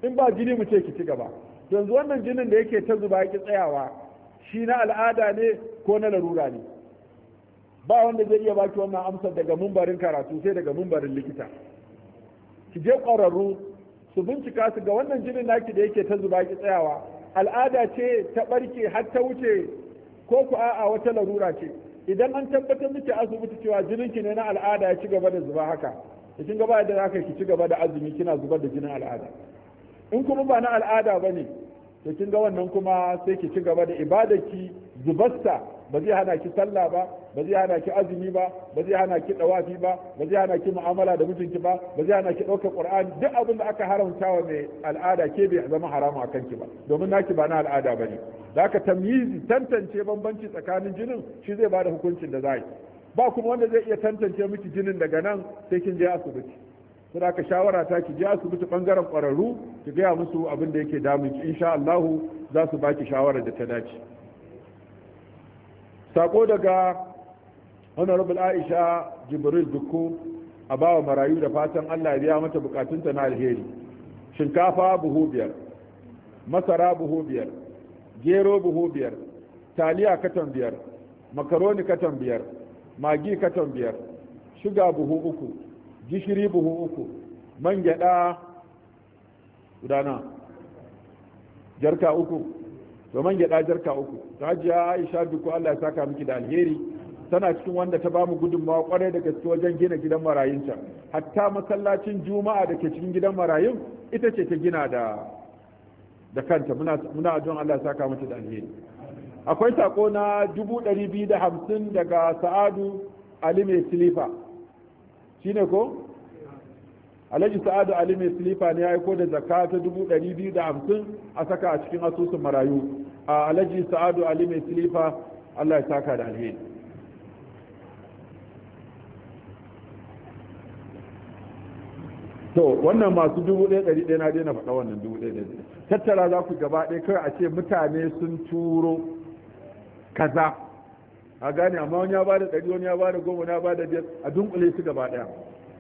in ba jini mu ce ki ci gaba yanzu wannan jinin da yake ta zuba yake tsayawa shi na al'ada ne ko na larura ne ba wanda zai iya baki wannan amsar daga mumbarin karatu sai daga mumbarin likita ki je ƙwararru su bincika su ga wannan jinin naki da yake ta zuba ki tsayawa al'ada ce ta barke har ta wuce ko ku a'a wata larura ce idan an tabbatar miki asibiti cewa jinin ki ne na al'ada ya ci gaba da zuba haka kin gaba da haka ki ci gaba da azumi kina zubar da jinin al'ada in kuma ba na al'ada ba ne to kin ga wannan kuma sai ki ci gaba da ibadarki zubasta ba zai hana ki sallah ba ba zai hana ki azumi ba ba zai hana ki dawafi ba ba zai hana ki mu'amala da mijinki ba ba zai hana ki ɗaukar qur'ani duk abin da aka haramta wa mai al'ada ke bai zama haramu akan ki ba domin naki ba na al'ada ba ne da ka tamyizi tantance bambanci tsakanin jinin shi zai ba da hukuncin da za yi ba kuma wanda zai iya tantance miki jinin daga nan sai kin je asibiti sai aka shawara ta ki je asibiti bangaren kwararru ki gaya musu abin da yake damun ki insha Allah za su baki shawara da ta dace sako daga honorable Aisha Jibril Dukku a bawa marayu da fatan Allah ya biya mata bukatunta na alheri shinkafa buhu biyar masara buhu biyar gero buhu biyar taliya katon biyar makaroni katon biyar magi katon biyar shuga buhu uku gishiri buhu uku man gyada gudana jarka uku to man gyada jarka uku ta hajiya aisha duku Allah ya saka miki da alheri tana cikin wanda ta bamu gudunmawa kwarai da gaske wajen gina gidan marayunta hatta masallacin juma'a da ke cikin gidan marayun ita ce ta gina da da kanta muna muna don Allah ya saka miki da alheri akwai sako na 250 daga Sa'adu Ali Mai Silifa Shi ne ko alhaji sa'adu ali mai silifa ne ya aiko da zaka ta dubu ɗari biyu da hamsin a saka a cikin asusun marayu a alhaji sa'adu ali mai silifa allah ya saka da alheri to wannan masu dubu ɗaya ɗari ɗaya na daina faɗa wannan dubu ɗaya ɗari tattara za ku gaba ɗaya kawai a ce mutane sun turo kaza a gane amma wani ya bada ɗari wani ya bada goma wani ya bada biyar a dunkule su gaba ɗaya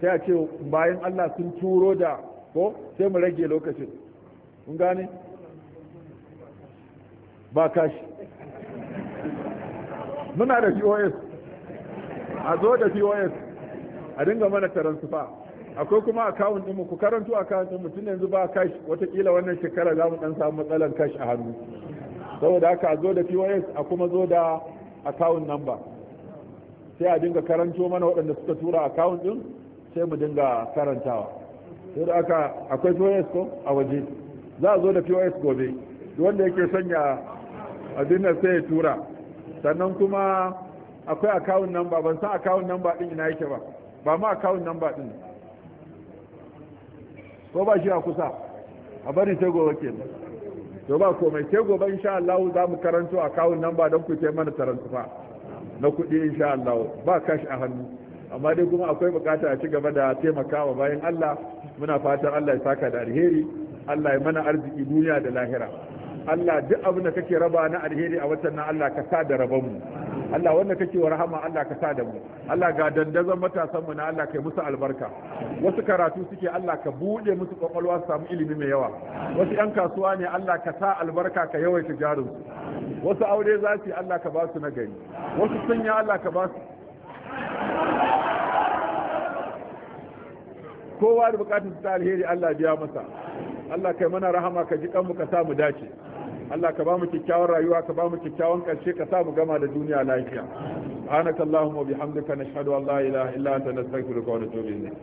sai a ce bayan Allah sun turo da ko sai mu rage lokacin kun gane ba kashi muna da POS a zo da POS a dinga mana taransifa akwai kuma akawun ɗinmu ku karantu akawun ɗinmu tun yanzu ba kash watakila wannan shekara za mu ɗan samu matsalan kash a hannu saboda haka a zo da POS a kuma zo da account number sai a dinga karanto mana waɗanda suka tura account din sai mu dinga karantawa sai da aka akwai POS ko a waje za a zo da POS gobe wanda yake sanya a nan sai ya tura sannan kuma akwai account number ban san account number din ina yake ba ba ma account number din ko ba shi a kusa a bari sai gobe kenan to ba komai sai gobe insha Allah za mu karanto akawun number don ku ce mana tarantufa na kuɗi insha Allah ba cash a hannu amma dai kuma akwai bukata a ci gaba da taimakawa bayan Allah muna fatan Allah ya saka da alheri Allah ya mana arziki duniya da lahira Allah duk abin da kake raba na alheri a watan nan Allah ka sa da rabon mu Allah wanda kake wa rahama Allah ka sa da mu Allah ga dandazon matasan mu na Allah kai musu albarka wasu karatu suke Allah ka bude musu kwakwalwa su samu ilimi mai yawa wasu yan kasuwa ne Allah ka sa albarka ka yawaita jarin wasu aure za su Allah ka ba su na gari wasu sun ya Allah ka ba su kowa da bukatun ta alheri Allah biya masa Allah kai mana rahama ka ji kanmu ka samu dace Allah ka ba mu kyakkyawar rayuwa ka ba mu kyakkyawan karshe ka sa mu gama da duniya lafiya subhanakallahumma wa bihamdika nashhadu an la ilaha illa anta nastaghfiruka wa natubu ilayk